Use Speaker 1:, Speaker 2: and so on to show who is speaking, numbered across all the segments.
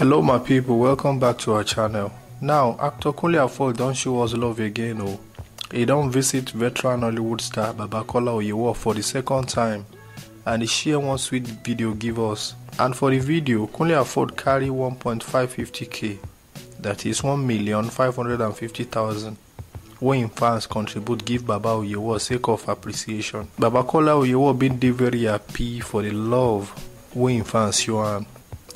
Speaker 1: Hello my people, welcome back to our channel. Now, actor Kunle Afol don show us love again o. Oh. He don visit veteran Hollywood star Babakola Oyewo for the second time and he share one sweet video give us. And for the video, Kunle Afol carry 1.550k that is 1,550,000 wey im fans contribute give Baba Oyewo sake of appreciation. Babakola Oyewo bin dey very happy for the love wey im fans show am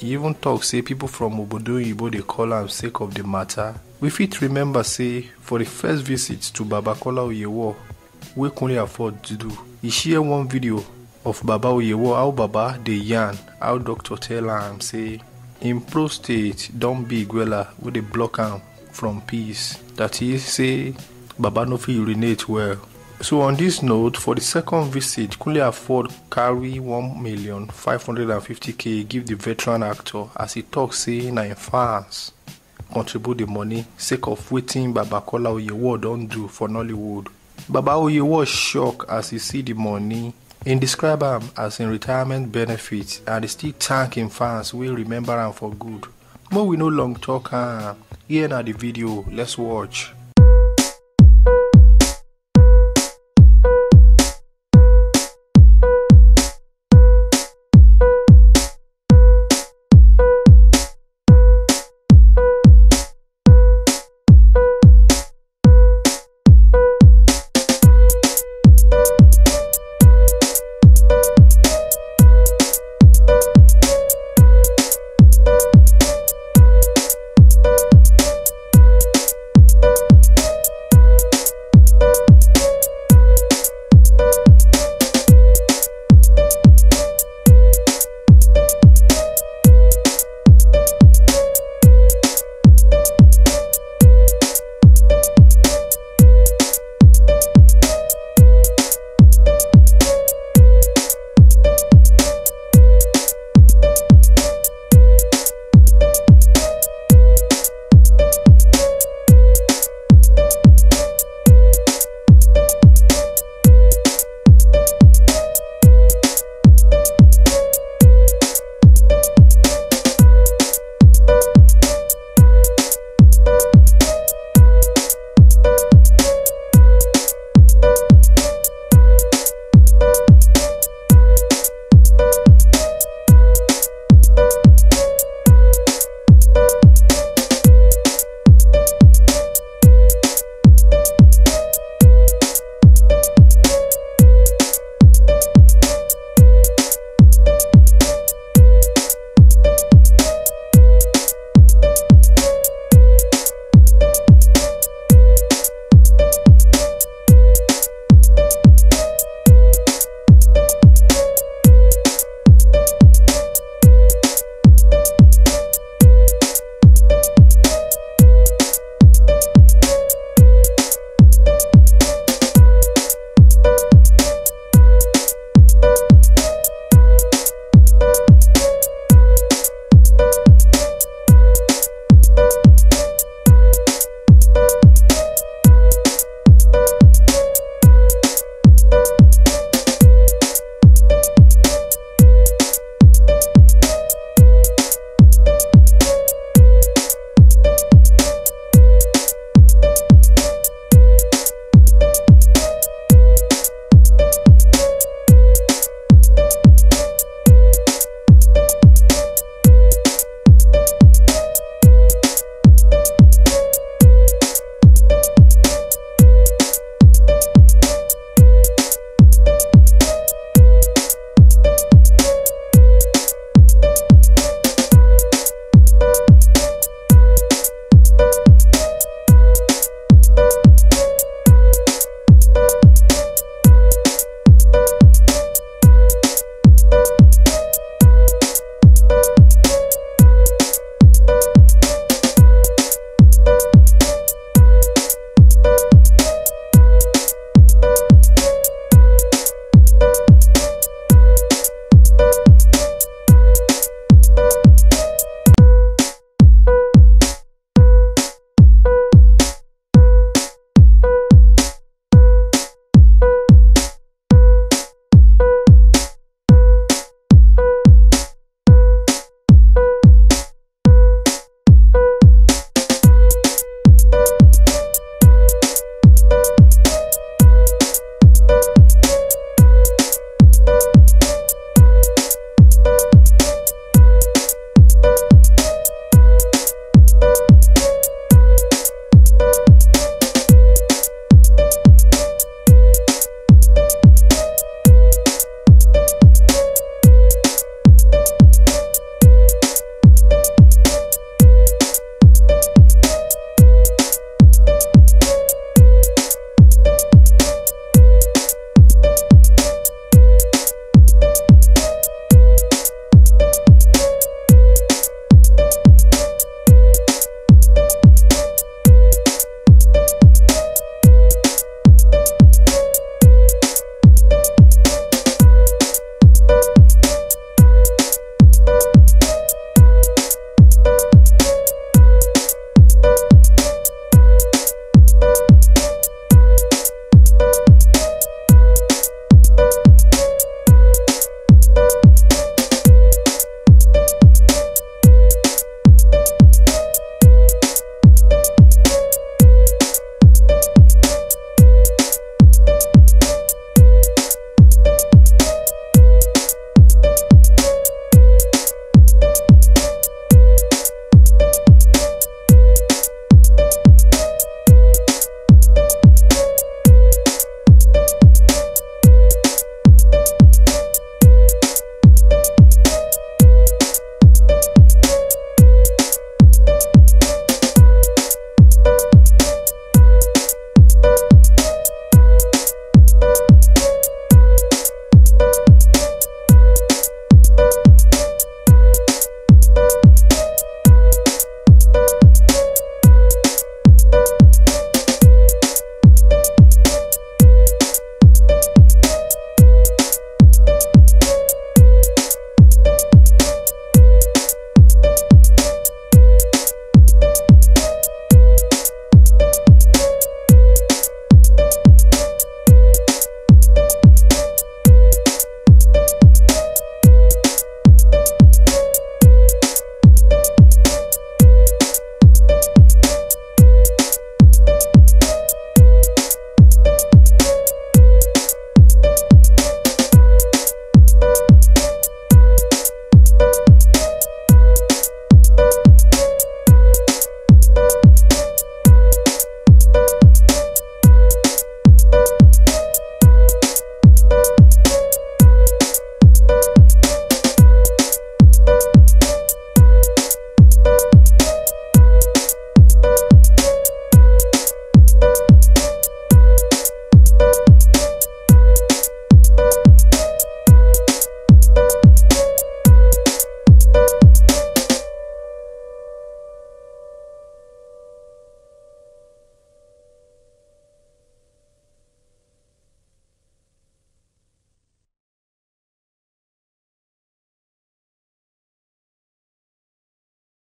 Speaker 1: e even talk say people from obodo oyibo dey call am sake of the matter. we fit remember say for the first visit to Baba Kola oyewo wey kunle afford to do e share one video of baba oyewo how baba dey yarn how doctor tell am say im prostate don big wella wey dey block am from peace that is say baba no fit urinate well So on this note, for the second visit, Kunle Afford carry one million five hundred and fifty k give the veteran actor as he talks say na fans contribute the money sake of waiting Baba Kola Oyewo don do for Nollywood. Baba Oyewo shocked as he see the money im describe him as in retirement benefits and e still thank im fans will remember him for good. Make we no long talk am. Here na the video, let's watch.